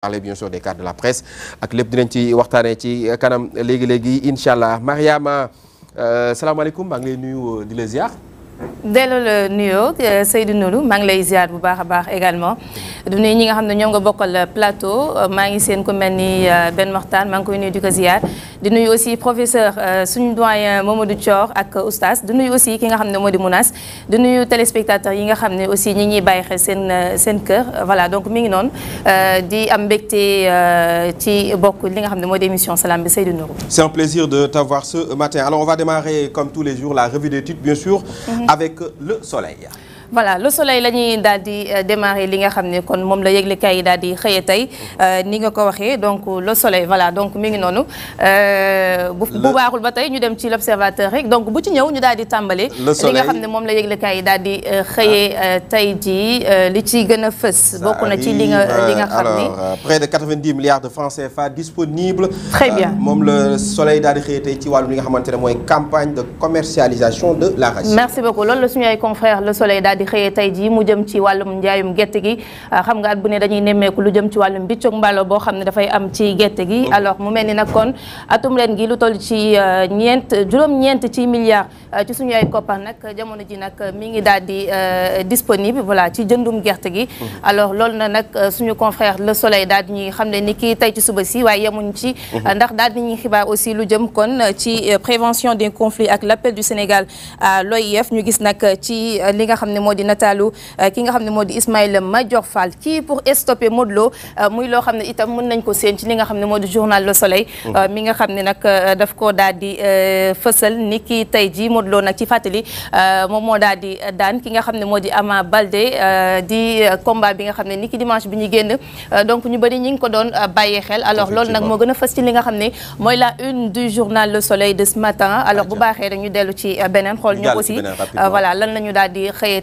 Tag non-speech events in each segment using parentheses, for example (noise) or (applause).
parler bien sûr des cartes de la presse avec lépp dinañ ci waxtane ci kanam légui léegi incha allah Mariama euh, salam maa ngi nuyu Dès le nouveau, Seydou Nourou mang lay ziar bu baax baax également du nuyu ñi nga xamne ñom nga bokal euh, plateau euh, Mang seen ko melni euh, Ben Mokhtar mang ngi koy nuyu di ko ziar di nuyu aussi professeur suñu doyen Mamadou Thior ak oustaz di nuyu aussi ki nga xamne Modi moo di Mounas di nuyu téléspectateurs yi nga xamne aussi ñi ñi bàyyi xel seen seen cœur voilà donc mi ngi non di am mbégte ci bokk li nga xamne Modi émission Salam bi Seydou Nourou. C'est un plaisir de t'avoir ce matin alors on va démarrer comme tous les jours la revue des titres bien sûr. Mm -hmm avec le soleil voilà le soleil a ñuy daal di euh, démarrer li nga xamné kon mom la yeglé kay daal di xëyee tey euh, ni nga ko waxé donc le soleil voilà donc mi ngi nonu euh bu baaxul ba tay ñu dem ci l' observateur rek donc bu ci ñëw ñu daal di tàmbale li nga xamné mom la yeglé kay daal di euh, xëyee ah. tey jii li ci gëna a bokku na ci li nga li nga xamné près de 90 milliards de francs CFA disponibles très bien moom le soleil daal di xëyee tey ci walu li nga xamante moy campagne de commercialisation de la l'arachide merci beaucoup loolu suñu ay confrères le soleil daal di xeye tay jii mu jëm ci walum njaayum gette gi euh, xam nga at bu ne dañuy nemmeeku lu jëm ci walum biccog mballo bo xam da fay am ci gette gi alors mu melni nak kon atum len gi lu toll ci euh, ñent juroom ñent ci milliards euh, ci suñu ay koppar nak jamono ji nak mi ngi daldi disponible voilà ci jëndum gette gi alors lool na nak suñu confrère Le Soleil daal di ñuy xam ne ni ci suba si waye yemuñ ci ndax daal ñi xibaar aussi lu jëm kon ci prévention des conflits ak l'appel du Sénégal à l'OIF ñu gis nak ci li nga xam Modi natalu euh, ki nga xam modi moo di Fall kii pour stopper Modou Lo euh, muy loo xam itam mën nañ ko seen ci li nga xam modi journal Le Soleil mmh. euh, mi nga xam nak daf ko daldi di niki tayji modlo nak ci fateli moom moo daal ki nga xam modi Ama balde di combat bi nga xam niki dimanche bi ñu genn donc ñu bari ñi ngi ko don baye xel alors lool nak mo gën feuss ci li nga xam moy la une du journal Le Soleil de ce matin alors bu baaxee dañu dellu ci benen xol ñu aussi voilà lan lañu daldi xeyé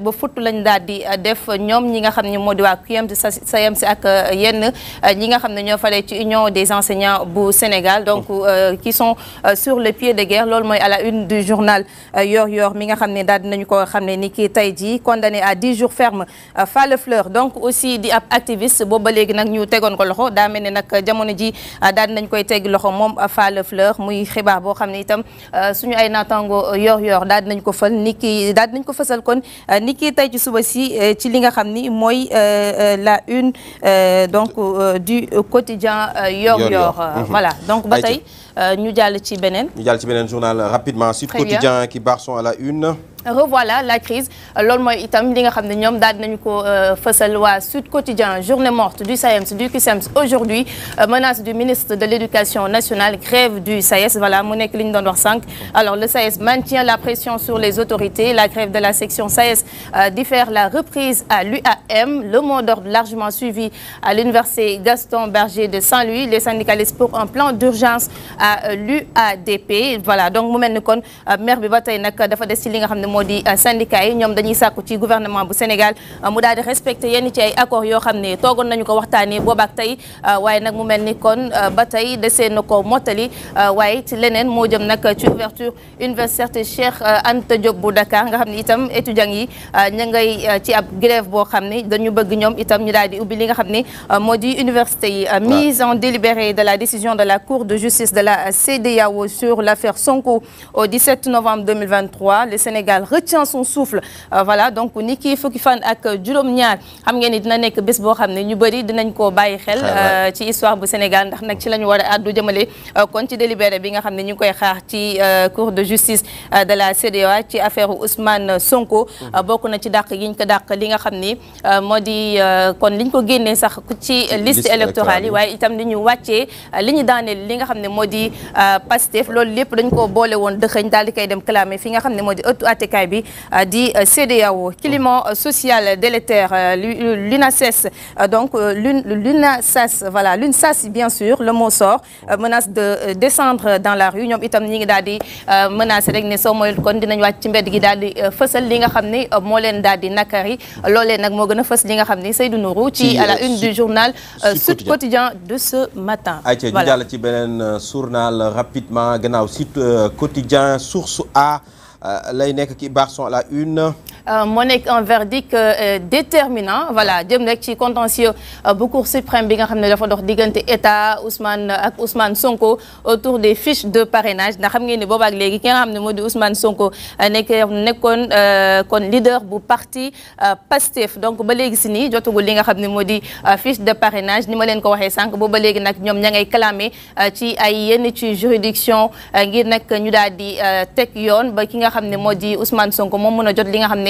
nag ba futt lañ daal di uh, def ñom ñi nga xamni modi wa di waa CUEMS SAEMS ak uh, yenn uh, ñi nga xamni ño ñoo ci union des enseignants bu Sénégal donc oh. qui sont sur le pied de guerre lool moy à la une du journal Yor Yor mi nga xamni ne daal ko xam ni ki tay jii condamné à 10 jours ferme Falla Fleur donc aussi di ab activiste bo ba légui nak ñu tegoon ko loxo da melni nak jamono ji daal nañ koy tégg loxo mom Falla Fleur muy xibaar bo xamni itam suñu ay natango Yor Yor daal nañ ko fël ni ki daal nañ ko fësal kon qui est ci suba euh, ci li nga euh, euh, la une donc du quotidien Yor Yor. Mhm. voilà donc ba tey ñu jall ci benen ñu tibénen. ci benen journal rapidement sur Quotidien qui barre son à la une revoilà la crise loolu itam li nga daal loi ko euh, le Sud Quotidien journée morte du SAEMS du CUSEMS aujourd'hui euh, menace du ministre de l'éducation nationale grève du SAES voilà mon nekk li 5. alors le SAES maintient la pression sur les autorités la grève de la section SAES euh, diffère la reprise à l'UAM le mot d'ordre largement suivi à l'université Gaston Berger de Saint-Louis les syndicalistes pour un plan d'urgence à l'UADP voilà donc mu mel maire bi des ci li modi ah, syndicat yi ñoom dañuy sàkku ci gouvernement bu Sénégal ah, mu daal di respecté yenn ci ay accords yo xamné togon nañu ko waxtaanee boobaak tay ah, waye nak mu melni kon ba tey desee na ko motali waye ci leneen mo jëm nak ci ouverture université Cheikh Anta Diop bu Dakar nga xamné itam étudiant yi ña ngay ci ab grève bo xamné dañu bëgg ñom itam ñu daal di ubbi li nga xamné modi université yi mise en délibéré de la décision de la cour de justice de la CEDEAO sur l'affaire Sonko au 17 novembre 2023 le Sénégal retient son souffle euh, voilà donc Niki Fokifan fan ak juróom-ñaar xam ngeen dina nek bes bo ñu bari dinañ ko bayyi xel euh, ci histoire bu Sénégal ndax nak ci lañu wara addu jëmale euh, kon ci délibéré bi nga ñu koy xaar ci cour de justice de la CEDEAO ci affaire Ousmane Sonko mmh. bokku na ci dakk yiñ ko dakk li nga modi kon liñ ko génné sax ci liste électorale yi waaye itam li ñu liñu dané li nga xam modi Pastef loolu lepp dañ ko bolé won dëxëñ daal di koy dem clamer fi nga modi euh, euh, a dit di climat euh, social délétère donc voilà bien sûr le mot sort menace de descendre dans la rue la du journal Quotidien de ce matin rapidement Quotidien Source A lay nekk ki baax sont à la une Euh, mon un verdict euh, déterminant voilà jëm rek ci contentieux euh, bu cour suprême bi nga xamné dafa dox diganté état Ousmane ak Ousmane Sonko autour des fiches de parrainage na xam ngeen ne boobaak léegi ki nga xamné modi Ousmane Sonko nek nekkoon kon leader bu parti Pastef donc ba légui sini nii li nga xamné modi fiche de parrainage ni ma len ko waxee sank booba léegi nag ñoom ña clamé ci ay yenn ci juridiction ngir nak ñu daldi tek teg yoon ba ki nga xamné modi Ousmane Sonko moom mën jot li nga xamné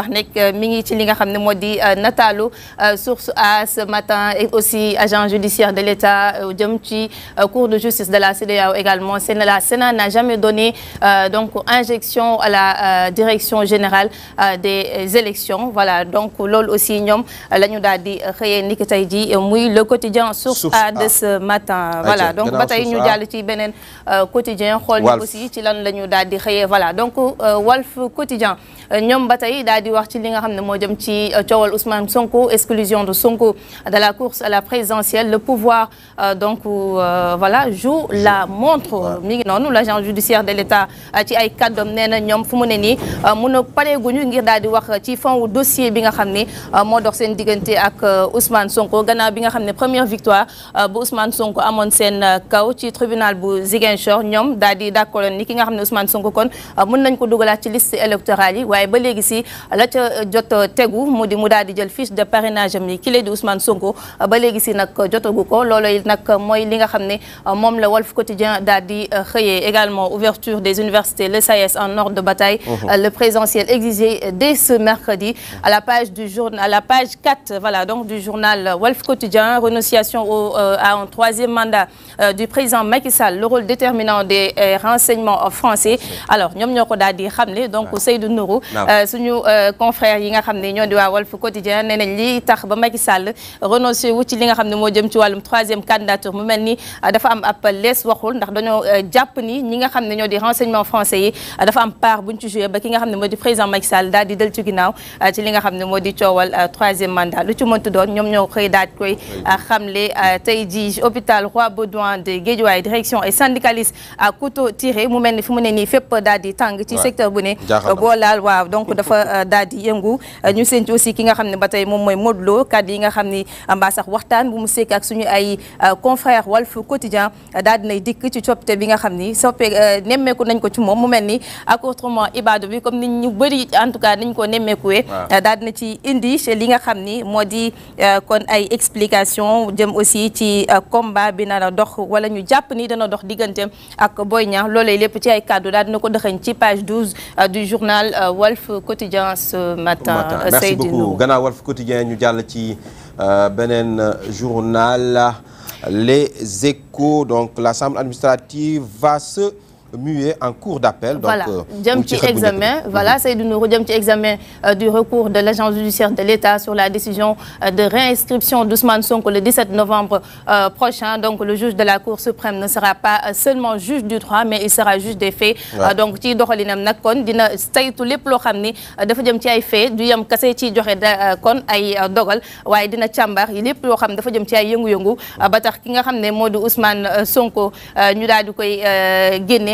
wax nekk mi ngi ci li nga modi euh, euh, source a ce matin et aussi agent judiciaire de l'État euh, jëm ci cour de justice de la CEDEAO également Sénat la Sénat n'a jamais donné donc injection à la direction générale des élections voilà donc l'ol aussi ñom la ñu dit di xëyee niki tay di muy le quotidien source a de ce matin voilà donc batai ñu jàll ci benen quotidien xol ni aussi ci lan la ñu di voilà donc Wolf quotidien ñom batai tey wax ci li nga euh, Ousmane Sonko exclusion de Sonko de la course à la présidentielle le pouvoir euh, donc euh, voilà joue la montre Nous, l'agent judiciaire de l'État ci ay kàddoom ngir daal di wax ci fond dossier bi nga Ousmane Sonko Gana bi nga première victoire bu Ousmane Sonko amone sen kaw ci tribunal bu Ziguinchor ñom daal di d'accord ni ki nga xamné Ousmane Sonko kon mun nañ ko dugalaat ci liste électorale yi ba léegi si la ca eh, jot eh, tegu modi di mu jël fiche de parrainage am qui kile di Ousmane Sonko eh, ba légui si nag jotagu ko loolooy nag mooy li nga xamné mom la wolf Quotidien dadi di également ouverture des universités les SAES en ordre de bataille mmh. le présentiel exigé dès ce mercredi à la page du journal à la page 4 voilà donc du journal wolf Quotidien renonciation au à un troisième mandat du président Macky Sall le rôle déterminant des renseignements français mmh. alors ñom ñoko dadi xamlé donc mmh. Seydou Nourou suñu confrères yi nga xamné ñoo di wa Wolf Quotidien nee nañ li tax ba Macky Sall renoncer wu ci li nga xamné mo jëm ci 3 troisième candidature mu melni euh, dafa am ab les waxul ndax dañoo euh, japp ni ñi nga xamné ñoo di renseignement français yi euh, dafa am part buñ ci jouer ba ki nga xamné ne di président Macky Sall daal di del ci ginnaaw ci li nga xamné ne moo di coowal troisième mandat lu ci mëntu doon ñom ñoo xey daaj koy xamlé tay ji hôpital Roi Baudouin de Guédiawaye direction et syndicaliste à couteau tiré mu melni ni fi mu ne nii di tang ci secteur bu né bo laal waaw donc dafa daal di yëngu euh, ñu séntu aussi ki nga xamni batay mom moy modlo mooy yi nga xamni ne euh, sax waxtaan bu mu sekk ak suñu ay euh, confrère Walf Quotidien dal dinaay dik ci coppite bi nga xamni ni néméku nañ ko ci mom mu melni ak autrement ibado bi comme nit ñu bëri en tout cas nañ ko nemmeekuwee dal dina ci indi li nga xamni modi kon ay explication jëm aussi ci combat bi na la dox wala ñu japp ni dana dox digënté ak Boy Niang loolee lépp ci ay kàddu dal dina ko dexeñ ci page 12 du journal Walf Quotidien ce euh, matin. Euh, Merci beaucoup Ghana Wolf Quotidien ñu jàll ci euh, journal Les Échos donc l'assemblée administrative va se muet en cours d'appel. Voilà, euh, mhm. jëm ci examen voilà c'est du jëm ci examen du recours de l'agence judiciaire de l'État sur la décision euh, de réinscription d'Ousmane Sonko le 17 novembre euh, prochain donc le juge de la Cour suprême ne sera pas seulement juge du droit mais il sera juge des faits donc ci doxalinam nag kon dina saytu lépp loo xam ni dafa j'ai ci ay faits du yem kase ci joxe kon ay dogal waaye dina càmbar Il est loo xam dafa j'ai un ay yëngu-yëngu ba tax ki nga xam ne Ousmane Sonko ñu daal di koy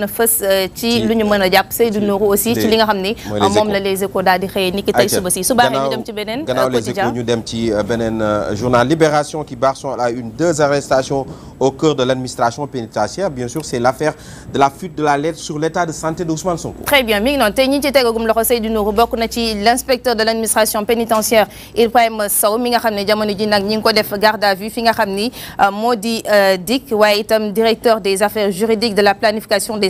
gën a fës euh, ci lu ñu mën a jàpp Seydou Nourou aussi ci li nga xam ni moom la les échos daal di xëyee ni ki tey suba si su baaxee ñu dem ci beneen euh, gannaaw les échos ñu dem ci euh, beneen journal Libération qui barre son à une deux arrestations au cœur de l'administration pénitentiaire bien sûr c'est l'affaire de la fuite de la lettre sur l'état de santé de Ousmane Sonko très bien mi ngi noonu tey ñi ci tegagum loxo Seydou Nourou bokk na ci l'inspecteur de l'administration pénitentiaire Ibrahima Sow mi nga xam ne jamono ji nag ñi ngi ko def garde à vue fi nga xam ni moo di DIC waaye itam directeur des affaires juridiques de la planification des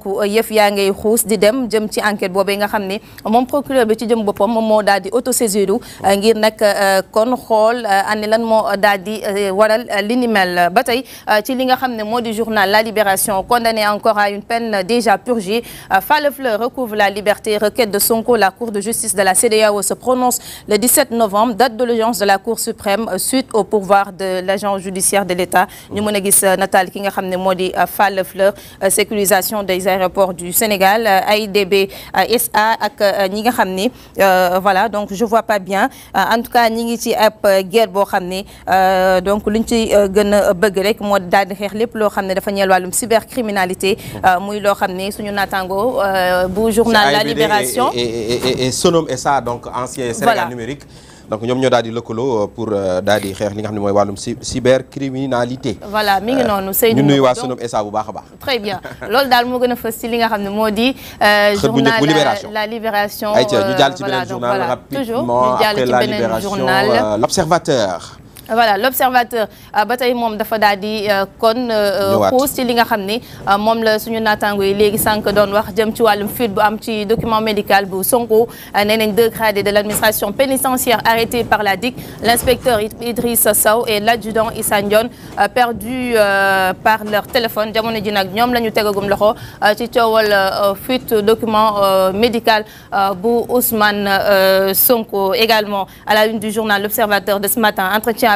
donc euh, yef yaa ngay xuus di dem jëm ci enquête bobé nga xamné ne procureur bi ci jëm bopom mo moo daal di autosaisiru ngir nak euh, kon xol euh, ane lan mo daal di waral li ni mel batay ci li nga xamné modi journal La Libération condamné encore à une peine déjà purgée Falla Fleur recouvre la liberté requête de Sonko la cour de justice de la CDAO se prononce le 17 novembre date de l'audience de la cour suprême suite au pourvoi de l'agent judiciaire de l'État ñu mëna gis nataal ki nga xamné modi moo Fleur sécurisation des aéroports du Sénégal euh, AIDB euh, SA ak euh, ñi nga voilà donc je vois pas bien en tout cas ñi ngi ci donc l'unité ci gën moi bëgg rek moo daal di cybercriminalité muy Lo xam ne Natango, journal La Libération et Sonom SA donc ancien Sénégal numérique donc nous ñoo daal euh, pour euh, cybercriminalité. voilà très bien euh, journal la libération. ñu ci la libération l'observateur voilà l'Observateur observateur ba tey dafa daal euh, kon euh, euh, xuus ci li nga xam mom la suñu naataango légui sank doon wax jëm ci walum fuite bu am ci document médical bu Sonko nee nañ deux gradés de l'administration pénitentiaire arrêté par la DIC L'inspecteur Idriss Idrissa Sow et l' adjudant Issa Ndione par leur téléphone jamono ji nak ñom lañu ñu loxo ci ciowal fuite document médical bu Ousmane Sonko également à la une du journal l'Observateur de ce matin entretien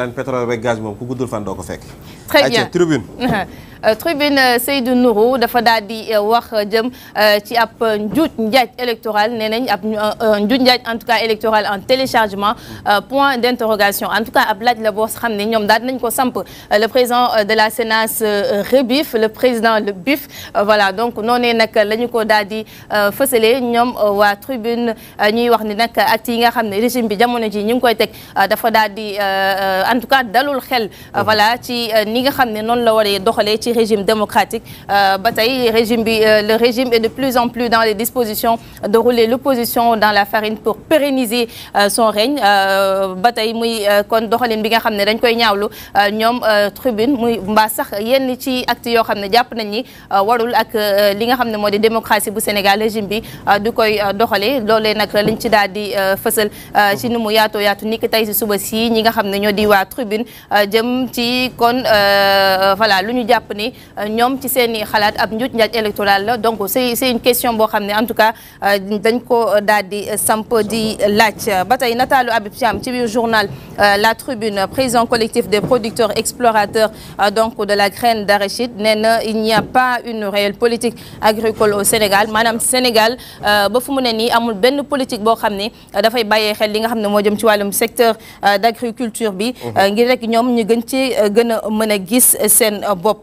leen pétrole beeg gaz moom ku guddul fan doo ko fekk. très bien ayca tribune. (laughs) Euh, tribune euh, Seydou Nourou dafa daal euh, wax jëm ci ab njut njaj électoral nenañ nañ njut njaj en tout cas électoral en téléchargement point d'interrogation en tout cas ab laj la boo xamné ñom ñoom daal nañ ko samp le président de la sénat rebif le président le bif voilà donc noné nak lañ ko daal di fësale ñoom tribune ñuy wax ni nak acte yi nga xamné régime bi jamono ji ñing koy tek dafa daal en tout cas dalul xel voilà ci ni nga xamné non la waré doxalé ci régime démocratique euh, ba tey régime bi euh, le régime est de plus en plus dans les dispositions de rouler l'opposition dans la farine pour pérenniser euh, son règne Euh, Bataille, muy kon doxalin bi nga xam ne dañ koy ñaawlu ñoom tribune muy mbaa sax yenn ci acte yoo xam ne nañ ni warul ak li nga xam ne moo di démocratie bu Sénégal régime bi du koy doxalee Lolé, nag lañ ci daal di fësal ci nu mu yaatoo yaatu ni ki tey suba si ñi nga xam ñoo di waa tribune jëm ci kon voilà lu ñu ni euh, ñoom ci seen xalaat ab njuuj njaaj électoral la donc c'est c'est une question bo xam en tout cas euh, dañ ko daal di samp di lacc batay natalu nataalu ci journal euh, La Tribune président collectif des producteurs explorateurs donc de la graine d'arachide nee il n'y a pas une réelle politique agricole au Sénégal maanaam Sénégal ba fu mu ne nii amul ben politique bo xamné da fay bàyyee xel li nga xamné mo jëm ci walum secteur d'agriculture bi ngir rek ñom ñu gën ci gëna mëna gis sen bop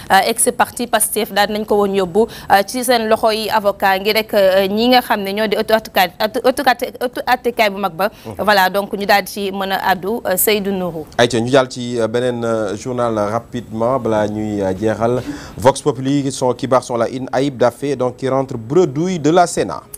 Euh, ex parti Pastef dal nañ ko won yóbbu euh, ci sen loxo yi avocat ngi rek euh, ñi nga xam ñoo di ëttu attekaay bu mag ba mhm. voilà donc ñu dal ci mëna addu Seydou Nourou ayca ñu dal ci benen journal rapidement bla ñuy jéxal Vox Populi son kibaar son la in aib dafé donc qui rentre bredouille de la Sénat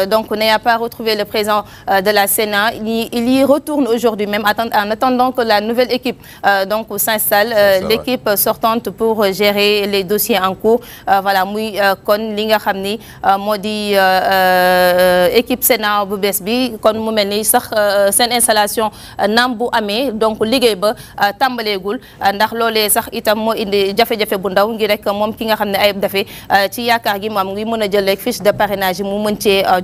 Euh, donc donc, n'ayant pas retrouvé le président euh, de la Sénat, hein. il, y retourne aujourd'hui même, en attendant que la nouvelle équipe euh, donc s'installe, l'équipe sortante pour gérer les dossiers en cours. voilà, muy kon li nga moi, équipe Sénat bu bees bi kon mu mel sax installation Nambu Amé, donc liggéey ba goul ndax Lolé, sax itam déjà indi Jafé jafe bu ndaw ngi rek moom ki nga xam ne ayib dafe ci yaakaar gi a jël fiche de parrainage yi mu mën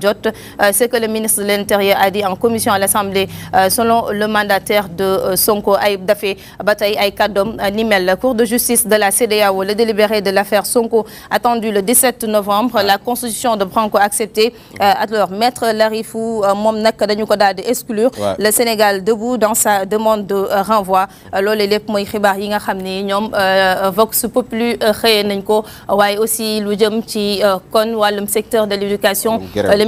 euh, C'est que le ministre de l'Intérieur a dit en commission à l'Assemblée euh, selon le mandataire de euh, Sonko Aïbdafe, Daffé Aïkadom Nimel. ay Cour de justice de la CDAO, le délibéré de l'affaire Sonko attendu le 17 novembre la constitution de Branco acceptée alors maître Larifou Momnak nag exclure le Sénégal debout dans sa demande de renvoi Lolé Vox Populi aussi kon secteur de l'éducation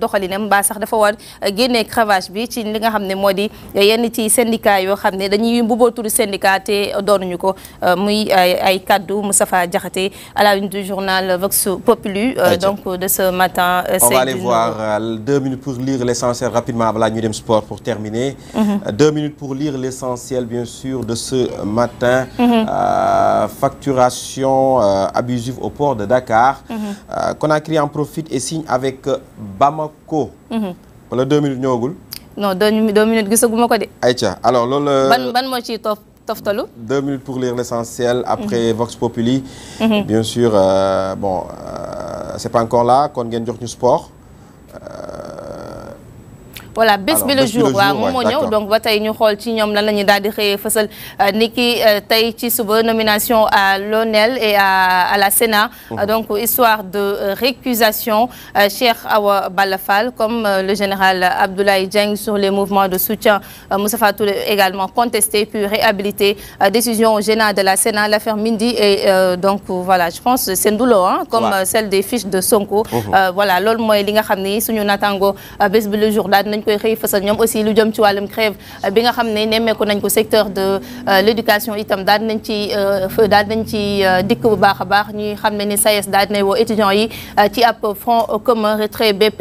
doxalinam mbaa sax dafa war euh, génnee cravache bi ci li nga xamné modi euh, yenn ci syndicat yo xamné dañuy mbubboo turu syndicat te doonuñu ko euh, muy ay cadeau Moustapha Diakhaté à la une du journal Vox Populi donc de ce matin on va aller voir deux minutes pour lire l'essentiel rapidement avant ñu dem sport pour terminer mhm. deux minutes pour lire l'essentiel bien sûr de ce matin mhm. facturation abusive au port de Dakar mhm. Conakry en profite et signe avec Bamako ko. wala deux minutes ñogul non deux minutes gissaguma ko de. aïcha alors loolu. ban ban mo ci top toftalu. deux minutes pour lire l'essentiel après mhm. Vox Populi. Mhm. bien sûr euh, bon euh, c'est pas encore là kon ngeen jox ñu sport. Euh, voilà bés le jour donc voilà nous ñu xool ci lan la daal di euh, euh, nomination à l'ONEL et à la Sénat mmh. euh, donc histoire de récusation cher Awa Balafal, comme le général Abdoulaye Djeng sur les mouvements de soutien Moussa Fatou, également contesté puis réhabilité décision au général de la Sénat l'affaire Mindy, et donc voilà je pense c'est ndoulo hein comme celle des fiches de Sonko mmh. voilà l'ol moi, li nga suñu natango bés le jour là, aussi lu jëm ci walum crève euh, bi nga xamné némé ko nañ ko secteur de euh, l'éducation itam daal nañ ci euh, daal nañ ci dik bu baaxa baax ñuy xamné ni SAES daal dinay wo étudiants yi ci front commun retrait BP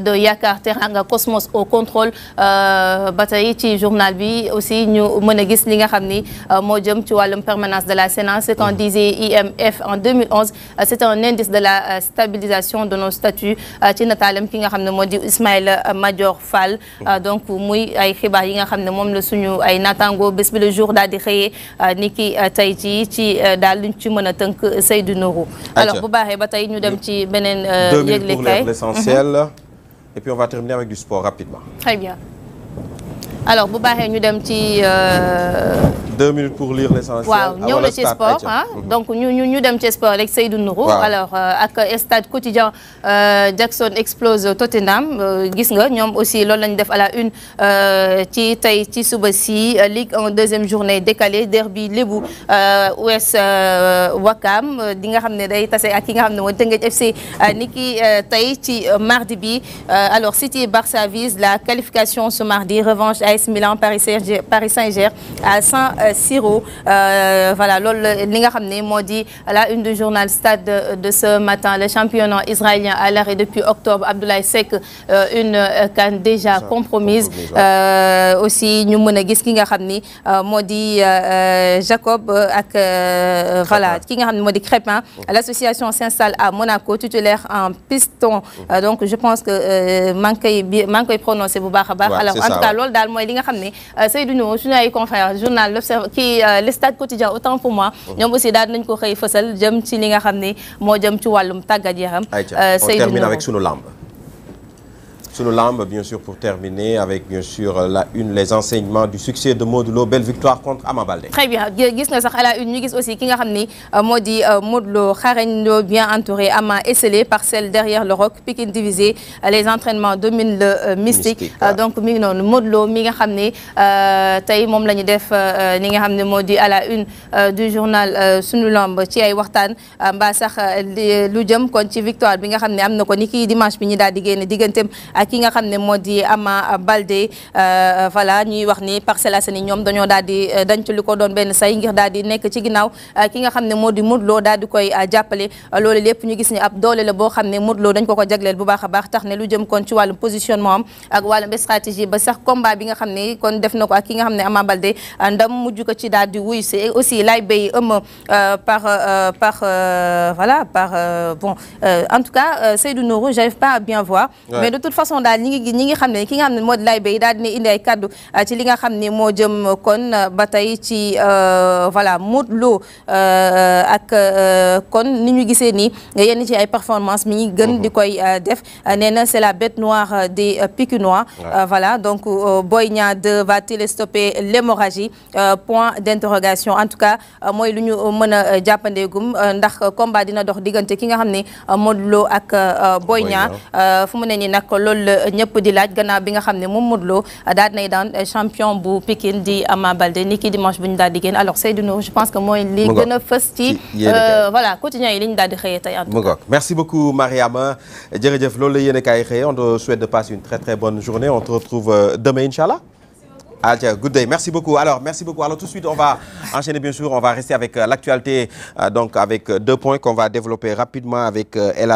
de Yaakaar Teranga Cosmos au contrôle bataille tey ci journal bi aussi ñu mëna gis li nga xamné mo jëm ci walum permanence de la séance quand disait IMF en 2011 c'est un indice de la stabilisation de nos statuts ci nataalam ki nga xamné ne di Ismaïla Major fal euh, donc muy ay xibaar yi nga xam mom la suñu ay natango bés bi le jour dal di xëyee euh, ni ki euh, tey ci dal luñ ci mëna a Seydou Nourou alors bu baaxé ba tey ñu dem ci beneen yëglekaay l'essentiel mhm. et puis on va terminer avec du sport rapidement très bien alors bu nous ñu euh, deux minutes pour lire l'essentiel. waaw ah, nous le sport hein. Mhm. donc nous ñu ñu dem ci sport avec Seydou Nourou. alors le euh, stade quotidien euh, Jackson explose Tottenham gis nga aussi loolu lañu à la une ci tey ci suba si Ligue en deuxième journée décalée derby Lebou, US Wakam di nga xam ne day ak nga FC Niki mardi alors City et Barça vise la qualification ce mardi revanche. AS Milan Paris Saint-Germain à saint euh, Siro euh, voilà loolu li nga Maudit la une du journal Stade de ce matin le championnat israélien à l'arrêt depuis octobre Abdoulaye Seck euh, une CAN déjà compromise aussi ñu mën a gis ki nga Jacob ak voilà ki nga xam ne Crépin l'association s'installe à Monaco titulaire en piston donc je pense que maa manque koy prononcé bu baax alors en tout cas loolu daal euh, journal l'Observateur le quotidien autant pour moi oh. ñom aussi daal nañ ko xey jëm ci li nga xamné ne jëm ci walum euh, avec lamb sous le lambe, bien sûr, pour terminer avec, bien sûr, euh, la une, les enseignements du succès de Modulo. Belle victoire contre Amabalde. Très bien. Gis na sax à la une, ñu gis aussi ki nga xam Modi euh, Modlo di euh, Modulo bien entouré, Ama esselé, parcelle derrière le roc, Pikine divisé, les entraînements dominent le mystique. Donc mi ngi noonu Modulo mi nga xam ni tey moom la def nga à la une du journal Sunu Lamb ci ay waxtaan mbaa sax lu jëm kon ci victoire bi nga xam ne am ko dimanche bi ñu daal di génne ak ki nga xamné ne Ama Baldé euh, voilà ñuy wax ni Parcelles Assainies ñom dañoo daal di dañ ci li doon ben say ngir daal di nekk ci ginnaaw euh, ki nga xamné ne mudlo di daal di koy euh, jappalé lolé lépp ñu gis ni ab doole la bo xamné mudlo dañ ko ko jagleel bu baaxa baax tax ne lu jëm kon ci wàllum positionnement ak wàllum stratégie ba sax combat bi nga xamné kon def nako ak ki nga xamné Ama Baldé ndam mujj ko ci daal di wuy si aussi lay bay ëmm par par voilà par bon en tout cas Seydou Nourou j'arrive pas à bien voir mais de toute façon façon daal ñi ngi ñi ngi xam ki nga xamné mod moo di lay bay daal dina indi ay cadeau euh, ci li nga xamné mo jëm kon euh, ba ci euh voilà modlo euh ak euh, kon ni ñu gisé ni yenn ci ay performance mi ngi gën di mhm. koy def néna c'est la bête noire des noirs voilà donc Boy Niang 2 va t stopper l'hémorragie point d'interrogation en tout cas moy lu ñu mëna a jàppandeegum ndax combat dina dox digënté ki nga xamné modlo ak Boy Niang fu mu ne nii loolu la ñëpp di laaj gannaaw bi nga xam ne moom Modou Lo daal nay daan champion bu Pikine di Ama Baldé ni ki dimanche bu ñu daal di génn alors Seydou Nour je pense que mooy li gën a fës ci euh, voilà quotidien yi li ñu daal di xëyee tey en tout cas merci beaucoup Mariama jërëjëf loolu la yéen a kaay xëyee on te souhaite de passer une très très bonne journée on te retrouve euh, demain inchallah Ah tiens, good day. Merci beaucoup. Alors, merci beaucoup. Alors, tout de suite, on va enchaîner, bien sûr. On va rester avec euh, l'actualité, euh, donc avec euh, deux points qu'on va développer rapidement avec euh, El